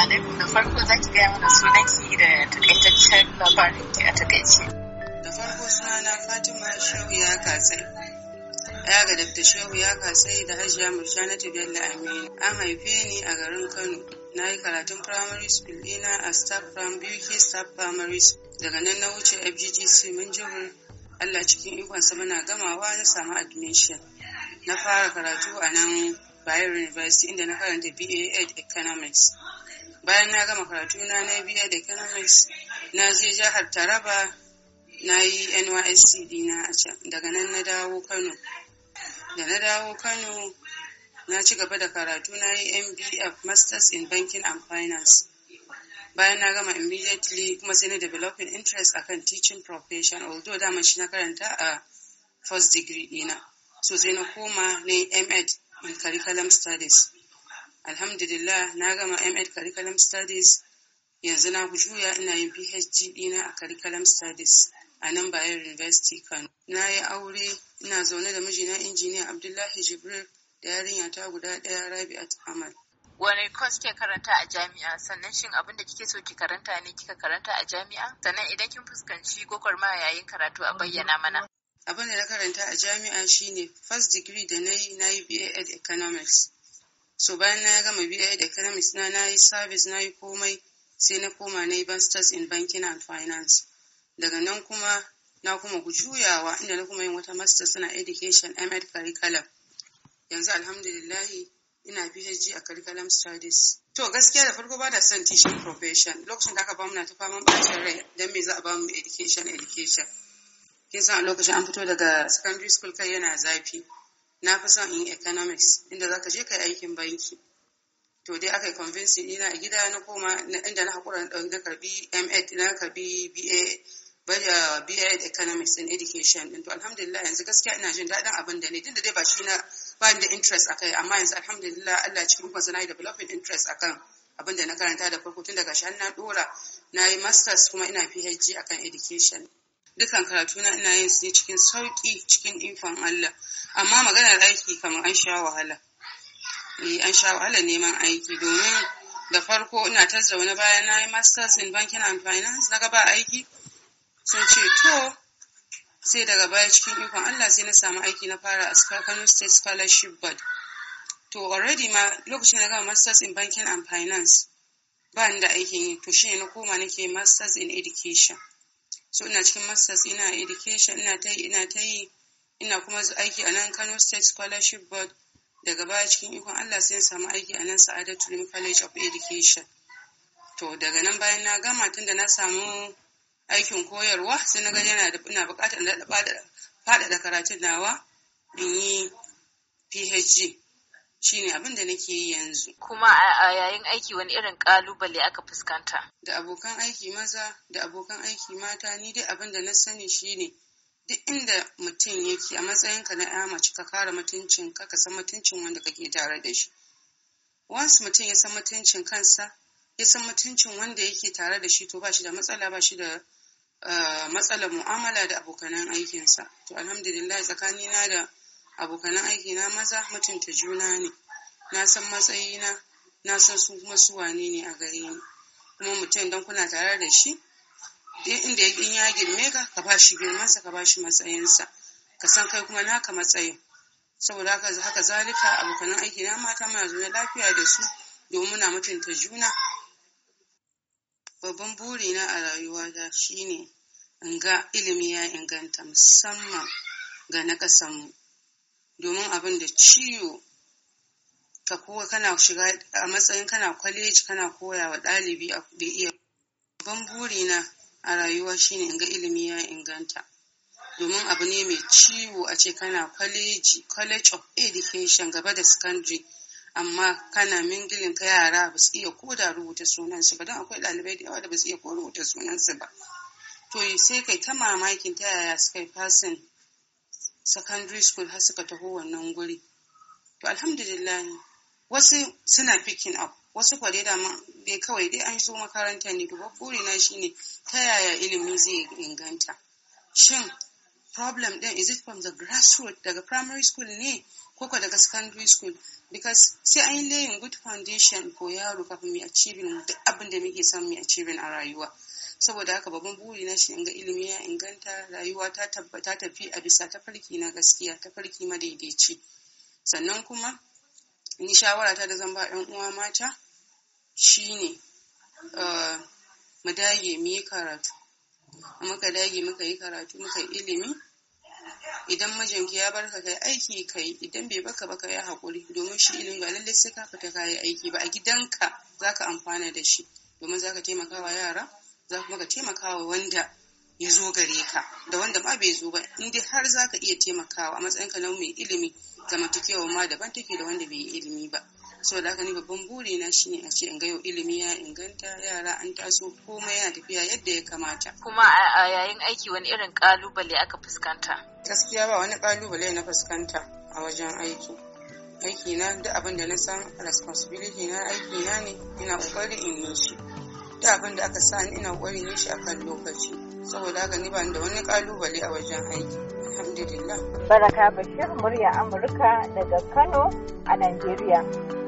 alaikum da farko za ki gaya mana sunanki da takaitaccen labarin ki a takaice. Da farko sunana Fatima Shehu ya kasai Ya ga Dr. Shehu ya katsai da Hajiya Murjanatu Bello Aminu. An haife ni a garin Kano. Na yi karatun primary school ɗina a Staff Farm Beauty Staff Primary School. Daga nan na wuce FGGC Minjibir. Allah cikin ikonsa muna gamawa na samu admission. Na fara karatu a nan Bayero University inda na karanta BA Ed Economics. bayan na gama karatu na na biya da economics na je jihar taraba na yi nysc dina a can daga nan na dawo kano da na dawo kano na ci gaba da karatu na yi mbf masters in banking and finance bayan na gama immediately kuma sai na developing interest akan teaching profession although dama shi na karanta a first degree dina so sai na koma na yi med in curriculum studies alhamdulillah na gama M.Ed curriculum studies yanzu na juya ina yin phd dina a curriculum studies a nan bayan university kano na yi aure ina zaune da mijina injiniya abdullahi jibril da yarinya ta guda ɗaya rabi'at amal wani kwas ke karanta a jami'a sannan shin abin da kike so ki karanta ne kika karanta a jami'a sannan idan kin fuskanci ma yayin karatu a bayyana mana abin da na karanta a jami'a shine first degree da na yi na yi ba economics so bayan na gama biya da economics na na yi service na yi komai sai na koma na yi masters in banking and finance daga nan kuma na kuma juyawa inda na kuma yin wata masters na education ahmed curriculum yanzu alhamdulillahi ina PhD a curriculum studies to gaskiya da farko ba da son teaching profession lokacin da aka bamu na ta faman bacin rai don me za a bamu education education kin san a lokacin an fito daga secondary school kai yana zafi na fi son in economics inda za ka je ka yi aikin banki to dai aka yi convincing ina a gida na koma inda na haƙura na karbi med na karbi ba ba economics and education din to alhamdulillah yanzu gaskiya ina jin daɗin abin da ne din da dai ba shi na ba da interest akai amma yanzu alhamdulillah Allah cikin kuma na yi developing interest akan abin da na karanta da farko tun daga shi na dora na yi masters kuma ina PhD akan education dukan karatuna ina yin su cikin sauƙi cikin ikon Allah amma maganar aiki kamar an sha wahala eh an sha wahala neman aiki domin da farko ina ta zaune bayan na yi masters in banking and finance na gaba aiki sun ce to sai daga baya cikin ikon Allah sai na samu aiki na fara a Kano State Scholarship Board to already ma lokacin na gama masters in banking and finance ba da aikin yi to shine na koma nake masters in education so ina cikin masters ina education ina ta yi ina ta yi ina kuma aiki a nan Kano State Scholarship Board daga baya cikin ikon Allah sai samu aiki a nan Sa'adatu Lim College of Education to daga nan bayan na gama tun da na samu aikin koyarwa sai na gani yana da buƙatar da faɗaɗa karatun nawa in yi PhD Shi ne abin da nake yi yanzu kuma a yayin aiki wani irin kalubale aka fuskanta da abokan aiki maza da abokan aiki mata ni dai abin da na sani shi ne. duk inda mutum yake a matsayinka na ya mace ka kare mutuncin ka ka san mutuncin wanda kake tare da shi once mutum ya san mutuncin kansa ya san mutuncin wanda yake tare da shi to ba shi da matsala ba shi da eh, matsalar mu'amala da abokanan aikinsa to alhamdulillah tsakanina da abokanan aiki na maza mutunta juna ne na san matsayina na san su kuma su wane ne a gare ni kuma mutum don kuna tare da shi inda ya ya girme ka ka ba shi girmansa ka ba shi matsayinsa ka san kai kuma naka matsayin saboda haka haka zalika abokanan aiki na mata muna zaune lafiya da su domin muna mutunta juna babban burina a rayuwata shine in ga ilimi ya inganta musamman ga na ƙasanmu domin abin da ciwo ka kowa kana shiga a matsayin kana kwaleji kana koya wa ɗalibi da iya babban burina a rayuwa shine in ga ilimi ya inganta domin abu ne mai ciwo a ce kana kwaleji college of education gaba da secondary amma kana mingilin ka yara ba su iya ko da rubuta sunansu ba don akwai ɗalibai da yawa da ba su iya ko rubuta sunansu ba to sai kai ta mamakin ta yaya su kai fasin secondary school har suka taho wannan guri to alhamdulillah wasu suna picking up wasu kware da dai kawai dai an zo makaranta ne duba shi shine ta yaya ilimi zai inganta shin problem ɗin is it from the grassroots daga primary school ne koko daga secondary school because sai an yi layin good foundation ko yaro kafin mu achieving duk abin da muke son mai achieving a rayuwa saboda haka babban buri na shi ga ilimi ya inganta rayuwa ta tabbata tafi a bisa ta farki na gaskiya ta tafarki madaidaici sannan kuma ni shawara ta da zan ba yan uwa mata shine uh, mu dage mu yi karatu muka dage muka yi karatu muka yi ilimi idan mijinki ya barka kai aiki kai idan bai baka ba ya hakuri domin shi ilimi ba lallai sai ka fita kayi aiki ba a gidanka zaka amfana da shi domin zaka taimaka wa yara za kuma ka taimakawa wanda ya zo gare ka da wanda ma bai zo ba in dai har za ka iya taimakawa a matsayinka na mai ilimi zamantakewa ma daban take da wanda bai yi ilimi ba saboda aka ni babban buri na shine a ce in ga yau ilimi ya inganta yara an taso komai yana tafiya yadda ya kamata kuma a yayin aiki wani irin kalubale aka fuskanta gaskiya ba wani kalubale na fuskanta a wajen aiki aiki na duk abin da na san responsibility na aiki na ne ina kokari in yi shi ta abin da aka sani ina ƙoƙarin ne shi kan lokaci saboda haka ni ba da wani ƙalubale a wajen aiki alhamdulillah baraka bashir murya amurka daga kano a najeriya